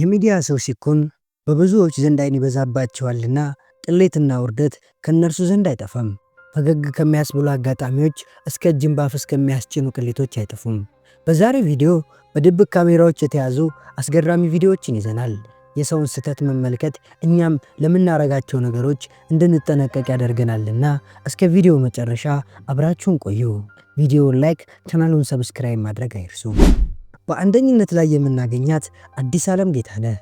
የሚዲያ ሰው ሲኮን በብዙዎች ዘንድ ዓይን ይበዛባቸዋልና ቅሌትና ውርደት ከእነርሱ ዘንድ አይጠፋም። ፈገግ ከሚያስብሉ አጋጣሚዎች እስከ እጅን ባፍ እስከሚያስጭኑ ቅሌቶች አይጠፉም። በዛሬ ቪዲዮ በድብቅ ካሜራዎች የተያዙ አስገራሚ ቪዲዮዎችን ይዘናል። የሰውን ስህተት መመልከት እኛም ለምናረጋቸው ነገሮች እንድንጠነቀቅ ያደርገናልና እስከ ቪዲዮ መጨረሻ አብራችሁን ቆዩ። ቪዲዮውን ላይክ፣ ቻናሉን ሰብስክራይብ ማድረግ አይርሱ። በአንደኝነት ላይ የምናገኛት አዲስ ዓለም ጌታነህ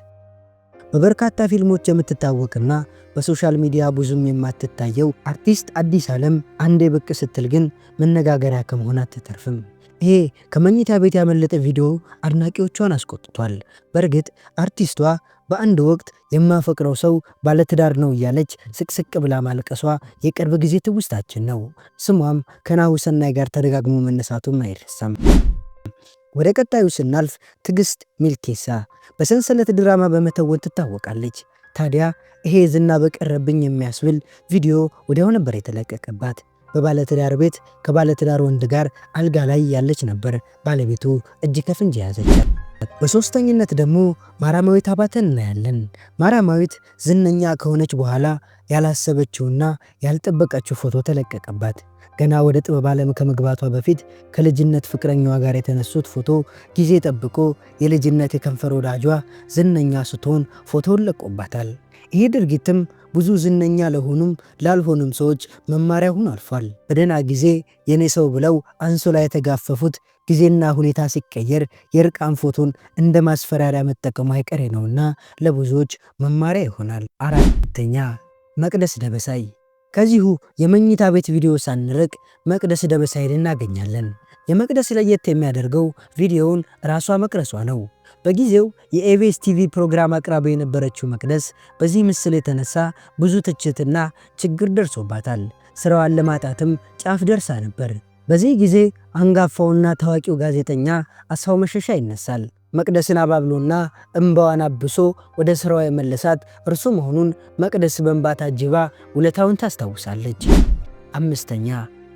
በበርካታ ፊልሞች የምትታወቅና በሶሻል ሚዲያ ብዙም የማትታየው አርቲስት አዲስ ዓለም አንዴ ብቅ ስትል ግን መነጋገሪያ ከመሆን አትተርፍም። ይሄ ከመኝታ ቤት ያመለጠ ቪዲዮ አድናቂዎቿን አስቆጥቷል። በእርግጥ አርቲስቷ በአንድ ወቅት የማፈቅረው ሰው ባለትዳር ነው እያለች ስቅስቅ ብላ ማልቀሷ የቅርብ ጊዜ ትውስታችን ነው። ስሟም ከናሁሰናይ ጋር ተደጋግሞ መነሳቱም አይረሳም። ወደ ቀጣዩ ስናልፍ ትግስት ሚልኬሳ በሰንሰለት ድራማ በመተወን ትታወቃለች። ታዲያ ይሄ ዝና በቀረብኝ የሚያስብል ቪዲዮ ወዲያው ነበር የተለቀቀባት። በባለትዳር ቤት ከባለትዳር ወንድ ጋር አልጋ ላይ ያለች ነበር። ባለቤቱ እጅ ከፍንጅ ያዘች። በሶስተኝነት ደግሞ ማራማዊት አባተን እናያለን። ማራማዊት ዝነኛ ከሆነች በኋላ ያላሰበችውና ያልጠበቀችው ፎቶ ተለቀቀባት። ገና ወደ ጥበብ ዓለም ከመግባቷ በፊት ከልጅነት ፍቅረኛዋ ጋር የተነሱት ፎቶ ጊዜ ጠብቆ የልጅነት የከንፈር ወዳጇ ዝነኛ ስትሆን ፎቶውን ለቆባታል። ይሄ ድርጊትም ብዙ ዝነኛ ለሆኑም ላልሆኑም ሰዎች መማሪያ ሆኖ አልፏል። በደህና ጊዜ የኔ ሰው ብለው አንሶላ የተጋፈፉት ጊዜና ሁኔታ ሲቀየር የርቃን ፎቶን እንደ ማስፈራሪያ መጠቀሙ አይቀሬ ነውና ለብዙዎች መማሪያ ይሆናል። አራተኛ መቅደስ ደበሳይ። ከዚሁ የመኝታ ቤት ቪዲዮ ሳንርቅ መቅደስ ደበሳይን እናገኛለን። የመቅደስ ለየት የሚያደርገው ቪዲዮውን ራሷ መቅረሷ ነው። በጊዜው የኤቤስ ቲቪ ፕሮግራም አቅራቢ የነበረችው መቅደስ በዚህ ምስል የተነሳ ብዙ ትችትና ችግር ደርሶባታል። ስራዋን ለማጣትም ጫፍ ደርሳ ነበር። በዚህ ጊዜ አንጋፋውና ታዋቂው ጋዜጠኛ አሳው መሸሻ ይነሳል። መቅደስን አባብሎና እምባዋን አብሶ ወደ ስራዋ የመለሳት እርሱ መሆኑን መቅደስ በእንባ ታጅባ ውለታውን ታስታውሳለች። አምስተኛ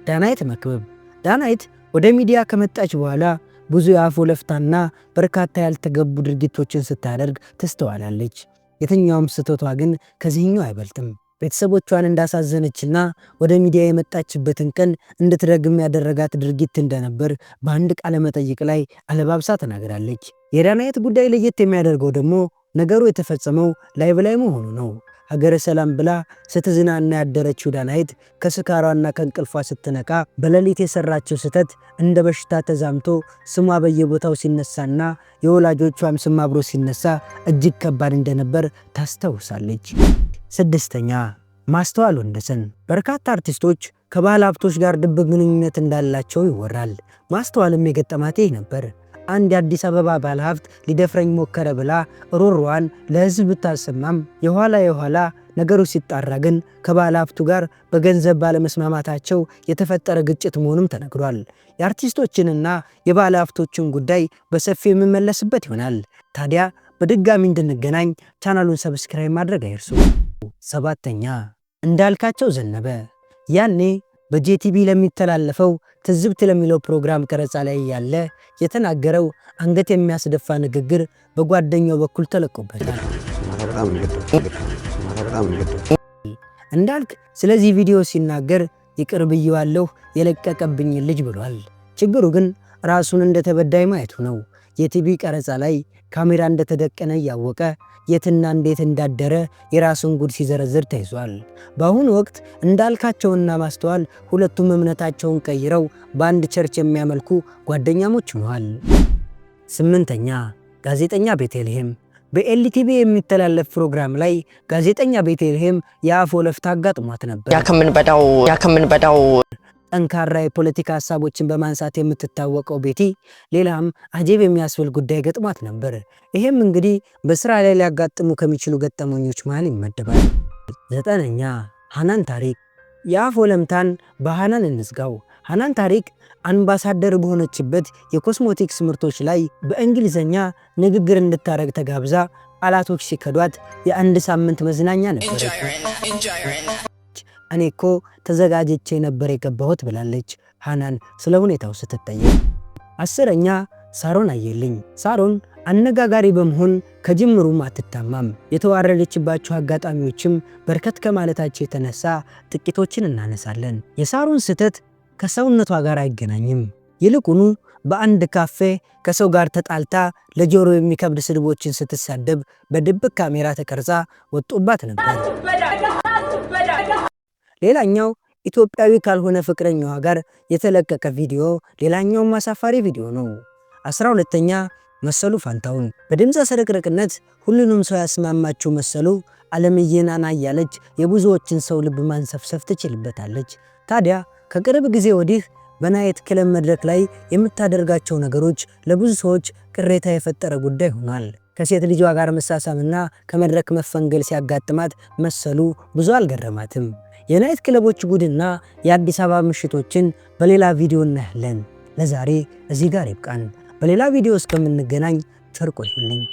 ዳናይት መክበብ ዳናይት ወደ ሚዲያ ከመጣች በኋላ ብዙ የአፍ ወለፍታና በርካታ ያልተገቡ ድርጊቶችን ስታደርግ ትስተዋላለች። የትኛውም ስህተቷ ግን ከዚህኛው አይበልጥም። ቤተሰቦቿን እንዳሳዘነችና ወደ ሚዲያ የመጣችበትን ቀን እንድትረግም ያደረጋት ድርጊት እንደነበር በአንድ ቃለ መጠይቅ ላይ አለባብሳ ተናግራለች። የዳናየት ጉዳይ ለየት የሚያደርገው ደግሞ ነገሩ የተፈጸመው ላይ በላይ መሆኑ ነው። ሀገረ ሰላም ብላ ስትዝናና ያደረችው ዳናይት ከስካሯና ከእንቅልፏ ስትነቃ በሌሊት የሰራችው ስህተት እንደ በሽታ ተዛምቶ ስሟ በየቦታው ሲነሳና የወላጆቿም ስም አብሮ ሲነሳ እጅግ ከባድ እንደነበር ታስታውሳለች። ስድስተኛ ማስተዋል ወንደሰን። በርካታ አርቲስቶች ከባለ ሀብቶች ጋር ድብ ግንኙነት እንዳላቸው ይወራል። ማስተዋልም የገጠማት ነበር። አንድ የአዲስ አበባ ባለሀብት ሊደፍረኝ ሞከረ ብላ ሮሯን ለህዝብ ብታሰማም የኋላ የኋላ ነገሩ ሲጣራ ግን ከባለሀብቱ ጋር በገንዘብ ባለመስማማታቸው የተፈጠረ ግጭት መሆኑም ተነግሯል። የአርቲስቶችንና የባለሀብቶችን ጉዳይ በሰፊው የምመለስበት ይሆናል። ታዲያ በድጋሚ እንድንገናኝ ቻናሉን ሰብስክራይብ ማድረግ አይርሱ። ሰባተኛ እንዳልካቸው ዘነበ ያኔ በጄቲቪ ለሚተላለፈው ትዝብት ለሚለው ፕሮግራም ቀረጻ ላይ ያለ የተናገረው አንገት የሚያስደፋ ንግግር በጓደኛው በኩል ተለቆበታል። እንዳልክ ስለዚህ ቪዲዮ ሲናገር ይቅር ብዬዋለሁ የለቀቀብኝ ልጅ ብሏል። ችግሩ ግን ራሱን እንደተበዳይ ማየቱ ነው። የቲቪ ቀረጻ ላይ ካሜራ እንደተደቀነ እያወቀ የትና እንዴት እንዳደረ የራሱን ጉድ ሲዘረዝር ተይዟል። በአሁኑ ወቅት እንዳልካቸውና ማስተዋል ሁለቱም እምነታቸውን ቀይረው በአንድ ቸርች የሚያመልኩ ጓደኛሞች ሆነዋል። ስምንተኛ ጋዜጠኛ ቤተልሔም በኤልቲቪ የሚተላለፍ ፕሮግራም ላይ ጋዜጠኛ ቤተልሔም የአፍ ወለፍታ አጋጥሟት ነበር። ያ ከምንበዳው ጠንካራ የፖለቲካ ሀሳቦችን በማንሳት የምትታወቀው ቤቲ ሌላም አጀብ የሚያስብል ጉዳይ ገጥሟት ነበር። ይህም እንግዲህ በስራ ላይ ሊያጋጥሙ ከሚችሉ ገጠመኞች መሃል ይመደባል። ዘጠነኛ ሀናን ታሪክ። የአፍ ወለምታን በሀናን እንዝጋው። ሀናን ታሪክ አምባሳደር በሆነችበት የኮስሞቲክስ ምርቶች ላይ በእንግሊዝኛ ንግግር እንድታደረግ ተጋብዛ ቃላቶች ሲከዷት የአንድ ሳምንት መዝናኛ ነበር። እኔ እኮ ተዘጋጅቼ ነበር የገባሁት ብላለች ሃናን ስለ ሁኔታው ስትጠየቅ። አስረኛ ሳሮን አየልኝ። ሳሮን አነጋጋሪ በመሆን ከጅምሩም አትታማም። የተዋረደችባቸው አጋጣሚዎችም በርከት ከማለታቸው የተነሳ ጥቂቶችን እናነሳለን። የሳሮን ስህተት ከሰውነቷ ጋር አይገናኝም። ይልቁኑ በአንድ ካፌ ከሰው ጋር ተጣልታ ለጆሮ የሚከብድ ስድቦችን ስትሳደብ በድብቅ ካሜራ ተቀርጻ ወጡባት ነበር። ሌላኛው ኢትዮጵያዊ ካልሆነ ፍቅረኛዋ ጋር የተለቀቀ ቪዲዮ ሌላኛውም አሳፋሪ ቪዲዮ ነው። አስራ ሁለተኛ መሰሉ ፋንታውን በድምፅ ስርቅርቅነት ሁሉንም ሰው ያስማማችው መሰሉ ዓለምዬን እያለች የብዙዎችን ሰው ልብ ማንሰፍሰፍ ትችልበታለች። ታዲያ ከቅርብ ጊዜ ወዲህ በናይት ክለብ መድረክ ላይ የምታደርጋቸው ነገሮች ለብዙ ሰዎች ቅሬታ የፈጠረ ጉዳይ ሆኗል። ከሴት ልጇ ጋር መሳሳምና ከመድረክ መፈንገል ሲያጋጥማት መሰሉ ብዙ አልገረማትም። የናይት ክለቦች ጉድና የአዲስ አበባ ምሽቶችን በሌላ ቪዲዮ እናያለን። ለዛሬ እዚህ ጋር ይብቃን። በሌላ ቪዲዮ እስከምንገናኝ ቸር ቆዩልኝ።